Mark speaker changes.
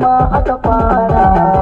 Speaker 1: ma aka
Speaker 2: fara